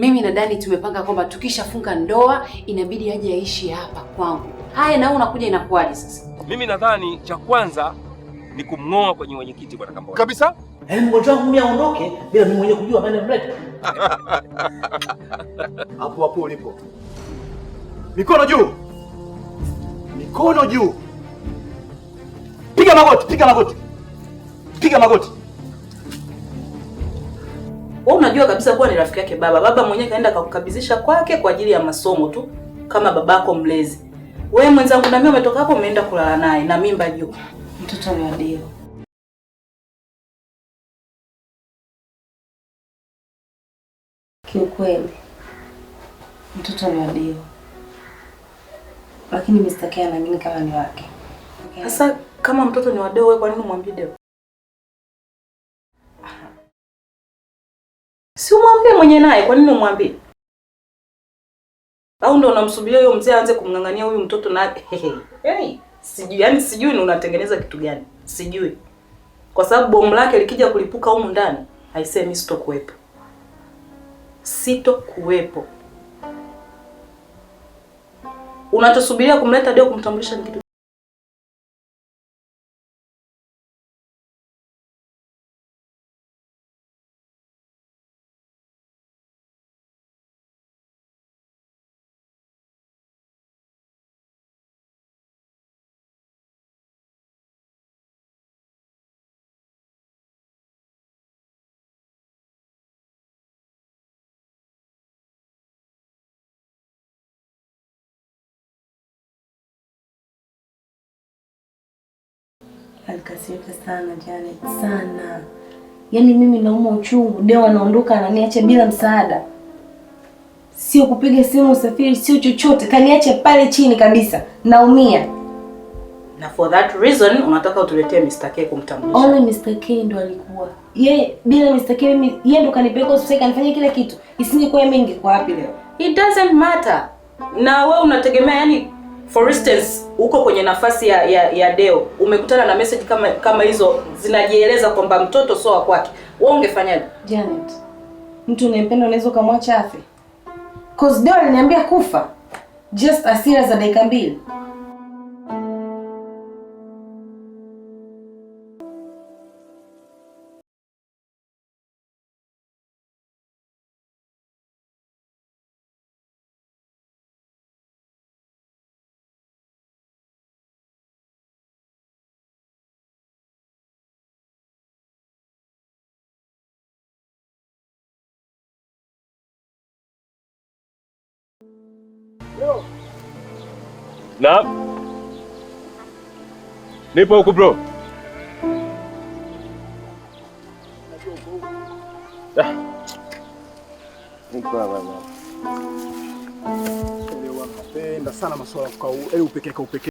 Mimi na Dani tumepanga kwamba tukishafunga ndoa inabidi aje aishi hapa kwangu. Haya, na wewe unakuja inakuwaje sasa? Mimi nadhani cha kwanza ni kumng'oa kwenye wenyekiti bwana Kambona. Kabisa? Eh, mgonjwa wangu mimi aondoke bila mimi mwenyewe kujua bana mlete. Hapo hapo ulipo. Mikono juu. Mikono juu. Piga magoti, piga magoti. Piga magoti. Wewe unajua kabisa kuwa ni rafiki yake baba. Baba mwenyewe kaenda akakukabidhisha kwake kwa ajili ya masomo tu kama babako mlezi. Wewe mwenzangu na mimi umetoka hapo umeenda kulala naye na mimba juu. Mtoto ni adio. Kiukweli mtoto ni adio. Lakini Mr. Kea na mimi kama ni wake. Sasa kama mtoto ni wadeo wewe kwa nini umwambie Deo? Si umwambie mwenye naye, kwa nini umwambie? Au ndio unamsubiria huyo mzee aanze kumng'ang'ania huyu mtoto na hey, yaani, sijui yani, sijui ni unatengeneza kitu gani sijui, kwa sababu bomu lake likija kulipuka humu ndani, sito kuwepo sitokuwepo, sitokuwepo. Unachosubiria kumleta Deo kumtambulisha ni kitu alikasirika sana Janet, sana yaani mimi nauma uchungu. Deo anaondoka ananiacha bila msaada, sio kupiga simu usafiri, sio chochote, kaniacha pale chini kabisa, naumia. Na for that reason unataka utuletee Mr. K kumtambulisha. Only Mr. K ndo alikuwa. ye, bila Mr. K mimi yeye ndo kanipeleka hospitali kanifanya kila kitu. Isingekuwa mimi ningekuwa wapi leo? It doesn't matter. Na wewe unategemea yani For instance uko kwenye nafasi ya, ya, ya deo umekutana na message kama kama hizo zinajieleza kwamba mtoto sio wa kwake, wewe ungefanyaje? Janet, mtu unayempenda unaweza ukamwacha afe? Cause deo aliniambia kufa just asira za dakika mbili Na nipo huku bro. Ah. Wapenda sana masuala yaani upekeka upekeka.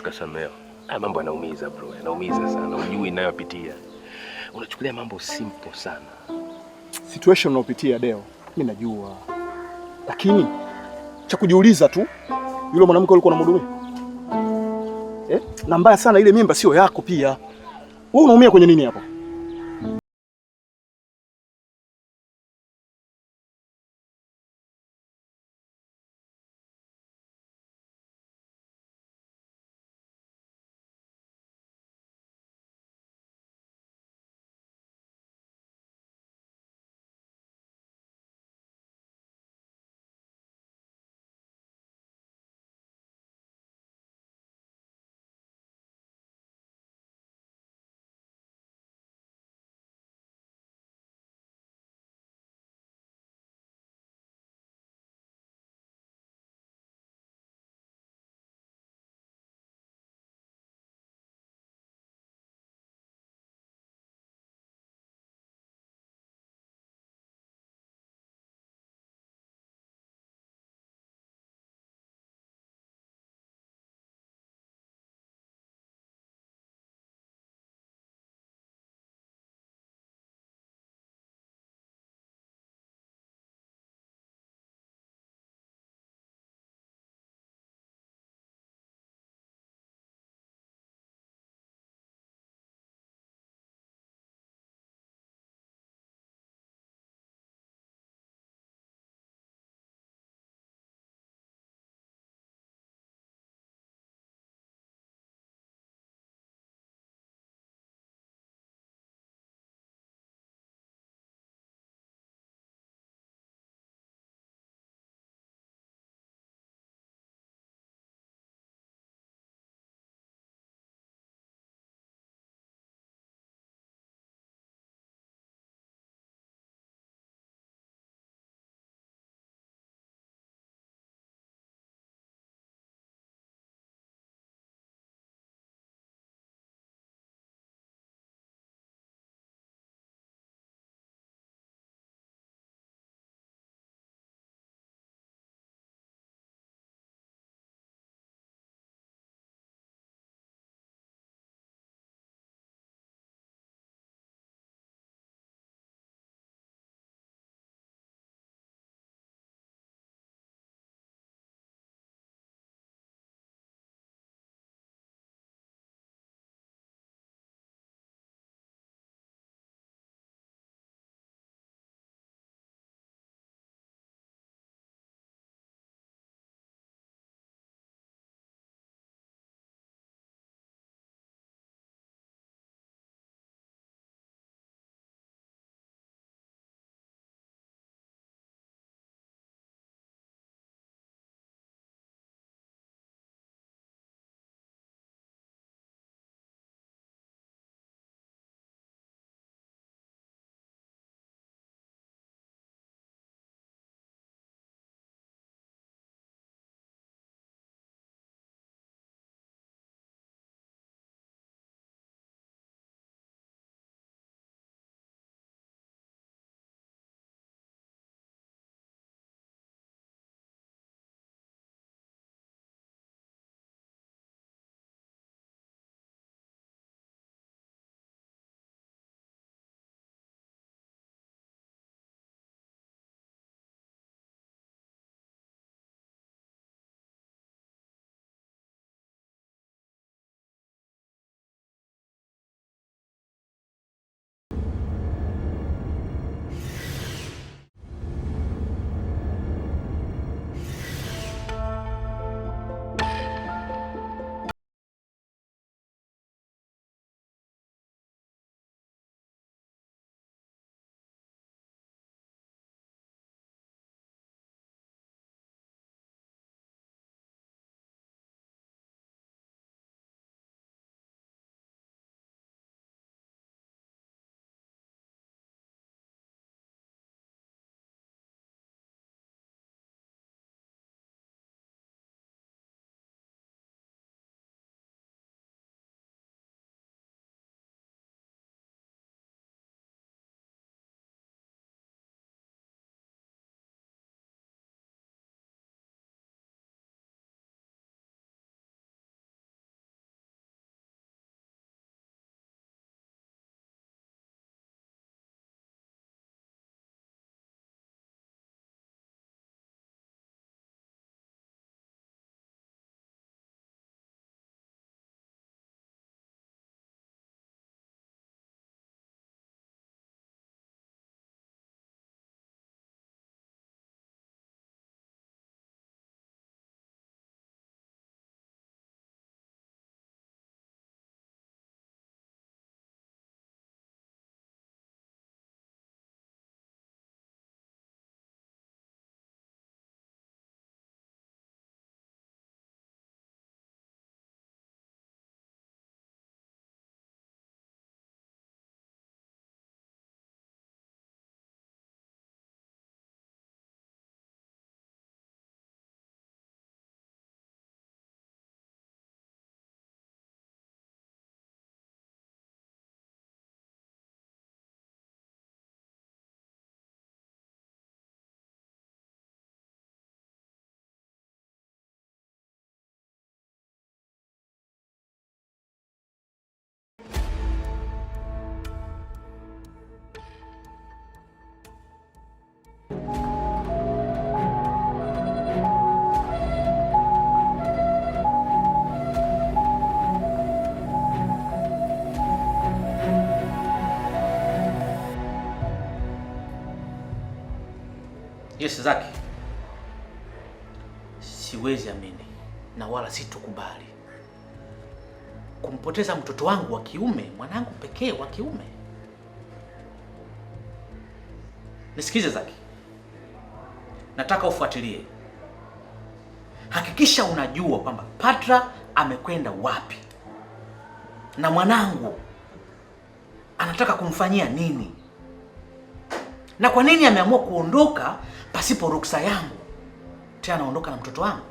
tukasamewa. Ah, mambo yanaumiza bro, yanaumiza sana, ujui inayopitia. Unachukulia mambo simple sana. Situation unaopitia Deo, mimi najua, lakini cha kujiuliza tu, yule mwanamke alikuwa anamhudumia eh? na mbaya sana, ile mimba sio yako pia. Wewe unaumia kwenye nini hapo? kesi zake, siwezi amini na wala situkubali kumpoteza mtoto wangu wa kiume, mwanangu pekee wa kiume. Nisikize Zaki, nataka ufuatilie, hakikisha unajua kwamba Patra amekwenda wapi na mwanangu anataka kumfanyia nini na kwa nini ameamua kuondoka pasipo ruksa yangu tena naondoka na mtoto wangu?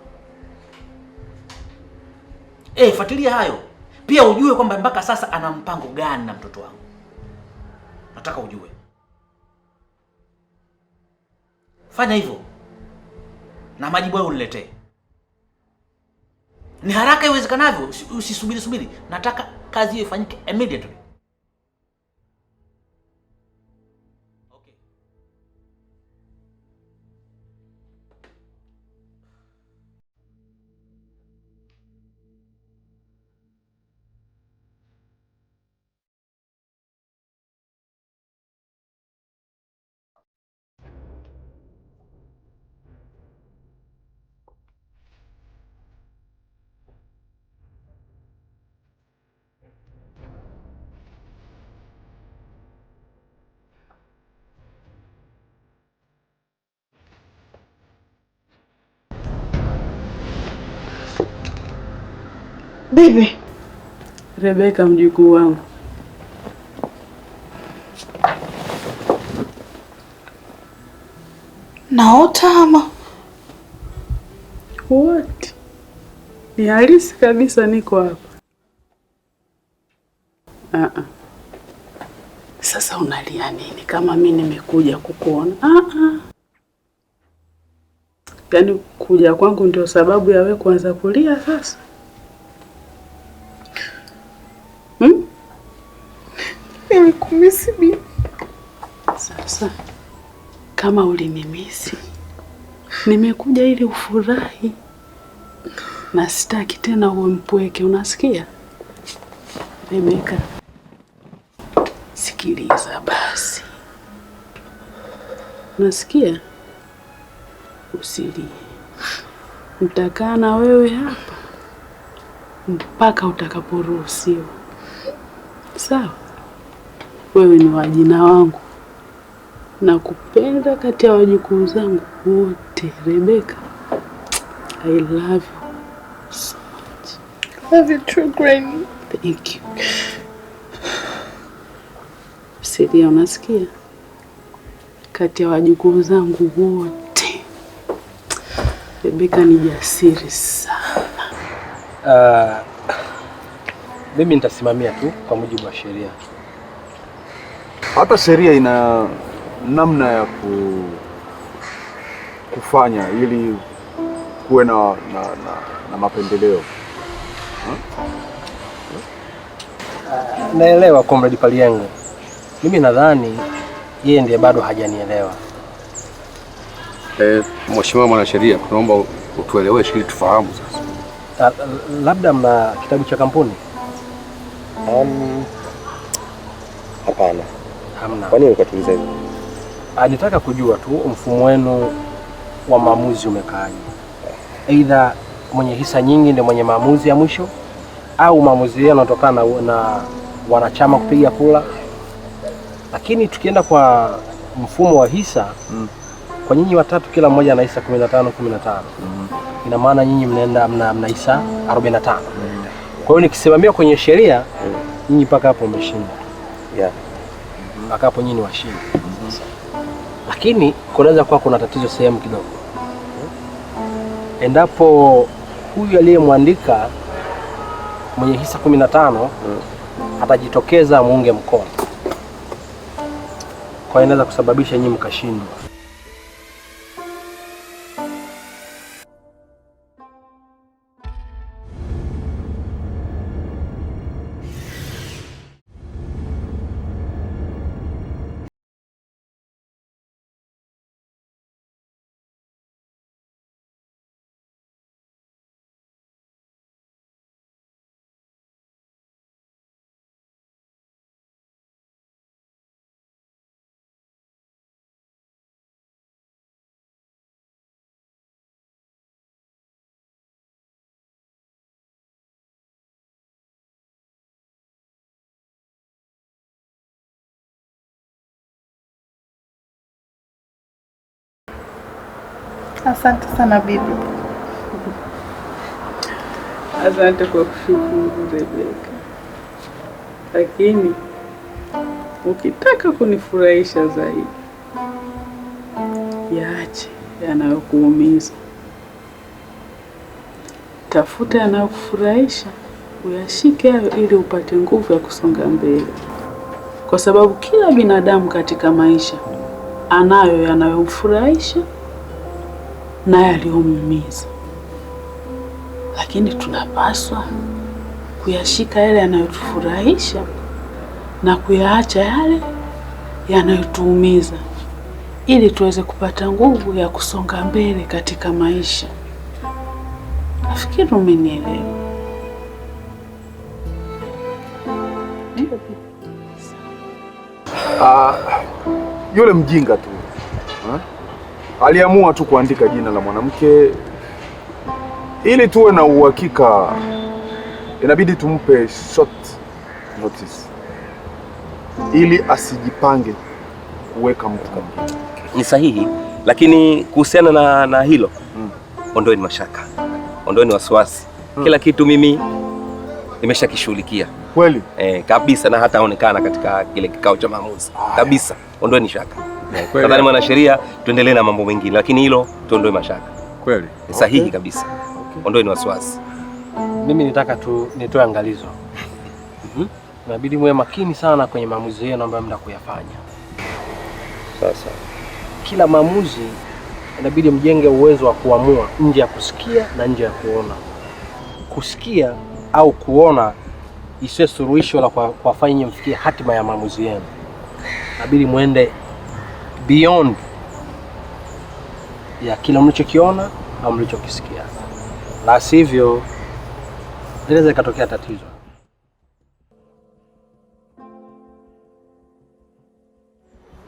E, fuatilia hayo pia ujue kwamba mpaka sasa ana mpango gani na mtoto wangu, nataka ujue. Fanya hivyo na majibu hayo uniletee ni haraka iwezekanavyo, usisubiri subiri. Nataka kazi hiyo ifanyike immediately. Bibi Rebeka, mjukuu wangu, naota ama what? ni halisi kabisa, niko hapa. uh Sasa unalia nini kama mi nimekuja kukuona? uh -uh. Yaani kuja kwangu ndio sababu yawe kuanza kulia sasa? Nilikumisi bibi. Sasa kama ulinimisi, nimekuja ili ufurahi, na sitaki tena uwe mpweke, unasikia Rebeka? Sikiliza basi, unasikia? Usilie, nitakaa na wewe hapa mpaka utakaporuhusiwa, sawa? wewe ni wajina wangu, na kupenda kati ya wajukuu zangu wote. Rebeka, I love you so much. Love you too, Granny. Thank you. Siria, unasikia? Kati ya wajukuu zangu wote Rebeka ni jasiri sana. Uh, mimi nitasimamia tu kwa mujibu wa sheria hata sheria ina namna ya ku, kufanya ili kuwe na, na, na, na mapendeleo ha? Uh, naelewa Comrade Paliangu, mimi nadhani yeye ndiye bado hajanielewa. Eh, mheshimiwa mwanasheria, tunaomba utueleweshe ili tufahamu sasa. labda mna kitabu cha kampuni? Um, hapana. Hamna. Kwa nini ukatuliza hivyo? Anitaka ah, kujua tu mfumo wenu wa maamuzi umekaaje, aidha mwenye hisa nyingi ndio mwenye maamuzi ya mwisho au maamuzi yao yanatokana na wanachama kupiga kula. Lakini tukienda kwa mfumo wa hisa mm. Kwa nyinyi watatu kila mmoja ana hisa 15 15 mm. Ina maana nyinyi mnaenda mna, mna hisa 45 mm. Kwa hiyo nikisimamia kwenye sheria mm. Nyinyi mpaka hapo mmeshinda yeah mnakapo nyinyi washindi mm -hmm. Lakini kunaweza kuwa kuna tatizo sehemu kidogo, endapo huyu aliyemwandika mwenye hisa kumi na tano atajitokeza muunge mkono, kwa inaweza kusababisha nyinyi mkashindwa. Asante sana bibi. Asante kwa kushukuru Rebeka, lakini ukitaka kunifurahisha zaidi, yaache yanayokuumiza, tafuta yanayokufurahisha, uyashike hayo ili upate nguvu ya kusonga mbele, kwa sababu kila binadamu katika maisha anayo yanayomfurahisha naye aliyomuumiza, lakini tunapaswa kuyashika yale yanayotufurahisha na kuyaacha yale yanayotuumiza ili tuweze kupata nguvu ya kusonga mbele katika maisha. Nafikiri umenielewa. Uh, yule mjinga tu aliamua tu kuandika jina la mwanamke ili tuwe na uhakika, inabidi tumpe short notice ili asijipange kuweka mtu mwingine. Ni sahihi, lakini kuhusiana na, na hilo ondoe hmm. ondoeni mashaka, ondoeni wasiwasi hmm. Kila kitu mimi nimeshakishughulikia kweli eh, kabisa, na hataonekana katika kile kikao cha maamuzi kabisa. Ondoeni shaka. Nadhani mwanasheria, tuendelee na mambo mengine, lakini hilo tuondoe mashaka. Kweli sahihi okay, kabisa okay. ni wasiwasi. Mimi nitaka tu nitoe angalizo hmm? inabidi muwe makini sana kwenye maamuzi yenu ambayo mda kuyafanya. Sasa kila maamuzi inabidi mjenge uwezo wa kuamua nje ya kusikia na nje ya kuona. Kusikia au kuona isiwe suluhisho la kuwafanya mfikie hatima ya maamuzi yenu, inabidi mwende beyond ya kile mlichokiona au mlichokisikia, la sivyo inaweza ikatokea tatizo.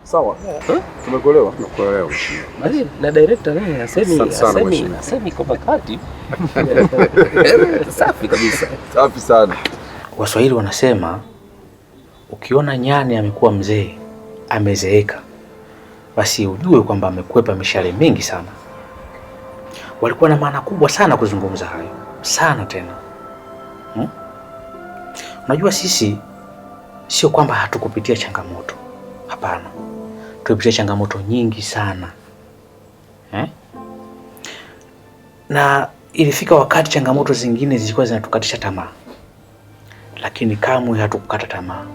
Sawa, eh? tumekuelewa. Tumekuelewa Na director naye eh, asemi asemi asemi kwa wakati. Safi kabisa, safi sana. Waswahili wanasema ukiona nyani amekuwa mzee amezeeka basi ujue kwamba amekwepa mishale mingi sana. Walikuwa na maana kubwa sana kuzungumza hayo sana tena, hmm? Unajua sisi sio kwamba hatukupitia changamoto, hapana, Tumepitia changamoto nyingi sana eh? na ilifika wakati changamoto zingine zilikuwa zinatukatisha tamaa, lakini kamwe hatukukata tamaa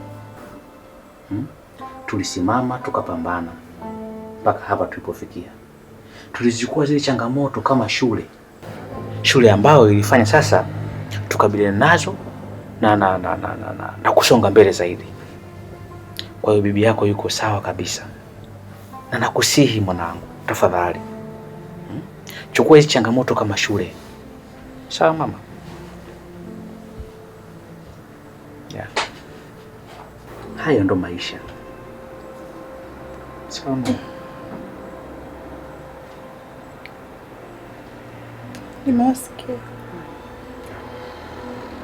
hmm? Tulisimama tukapambana mpaka hapa tulipofikia. Tulizichukua zile changamoto kama shule, shule ambayo ilifanya sasa tukabiliane nazo na, na, na, na, na, na, na kusonga mbele zaidi. Kwa hiyo bibi yako yuko sawa kabisa, na nakusihi mwanangu, tafadhali hmm? Chukua hizi changamoto kama shule, sawa mama? Yeah. Hayo ndo maisha, sawa mama. Nimewasikia.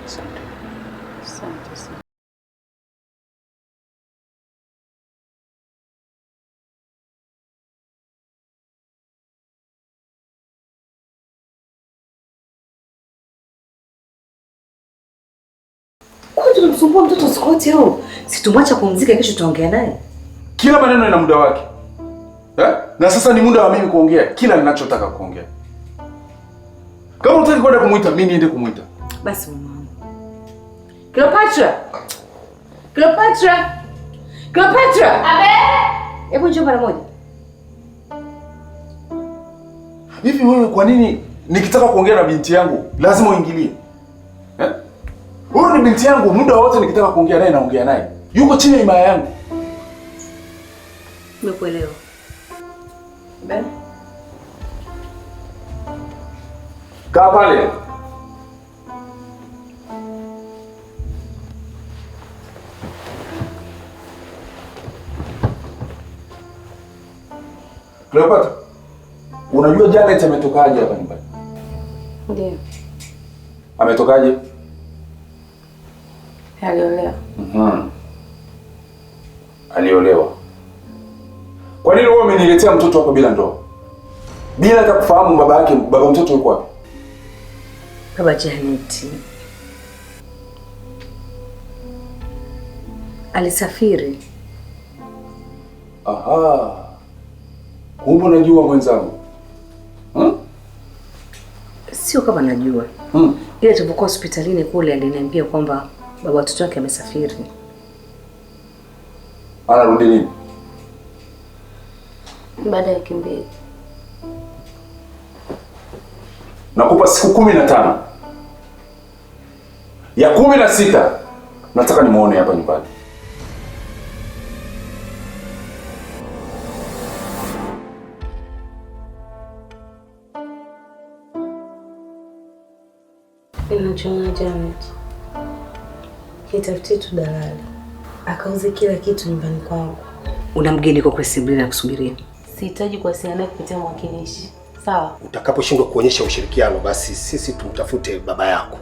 Asante. mtoto siku wote huu. Situmwacha pumzika, kesho tuongea naye. Kila maneno ina muda wake eh? Na sasa ni muda wa mimi kuongea kila ninachotaka kuongea. Kama unataka kwenda kumuita, mimi niende kumuita. Basi mwanangu. Cleopatra. Cleopatra. Cleopatra. Abe. Hebu njoo mara moja. Hivi wewe kwa nini nikitaka kuongea na binti yangu lazima uingilie? Eh? Huyu ni binti yangu, muda wote nikitaka kuongea naye naongea naye. Yuko chini ya himaya yangu. Nimekuelewa. Ben. Kaa pale. Cleopatra, unajua Janet ametokaje hapa nyumbani? Ndio. Ametokaje? Aliolewa. Mhm. Aliolewa. Kwa nini wewe umeniletea mtoto hapa bila ndoa? Bila hata kufahamu baba yake, baba mtoto yuko wapi? Baba Janet alisafiri. Aha, kumbe najua mwenzangu hmm? Sio kama najua hmm. Ile tulipokuwa hospitalini kule aliniambia kwamba baba watoto wake amesafiri, anarudi nini? Baada ya wiki mbili. nakupa siku kumi na tano ya kumi na sita nataka nimwone hapa nyumbani. Ninachona Janet kitafutie tu dalali akauze kila kitu nyumbani kwangu. Una mgeni kwa kwesimbili na kusubiria. Sihitaji kuwasiliana kupitia mwakilishi. Sawa. Utakaposhindwa kuonyesha ushirikiano, basi sisi tumtafute baba yako.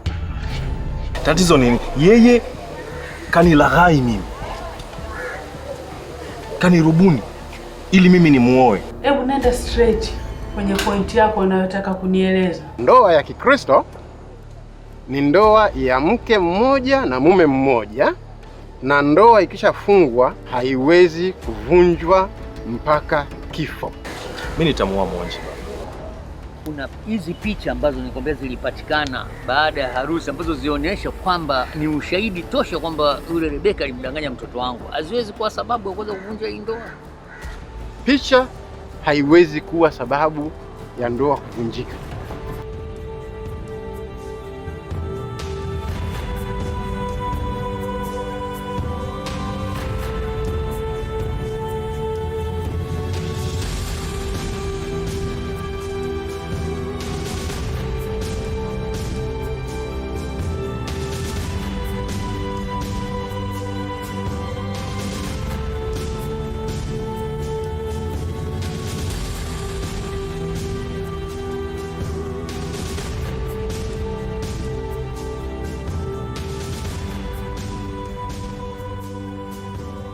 Tatizo nini? Yeye kanilaghai mimi, kanirubuni ili mimi nimuoe. Hebu nenda straight kwenye pointi yako unayotaka kunieleza. Ndoa ya Kikristo ni ndoa ya mke mmoja na mume mmoja, na ndoa ikishafungwa haiwezi kuvunjwa mpaka kifo. Mimi nitamuoa Mwonje kuna hizi picha ambazo nikwambia zilipatikana baada ya harusi ambazo zionyesha kwamba ni ushahidi tosha kwamba yule Rebeka alimdanganya mtoto wangu, haziwezi kuwa sababu ya kuweza kuvunja hii ndoa. Picha haiwezi kuwa sababu ya ndoa kuvunjika.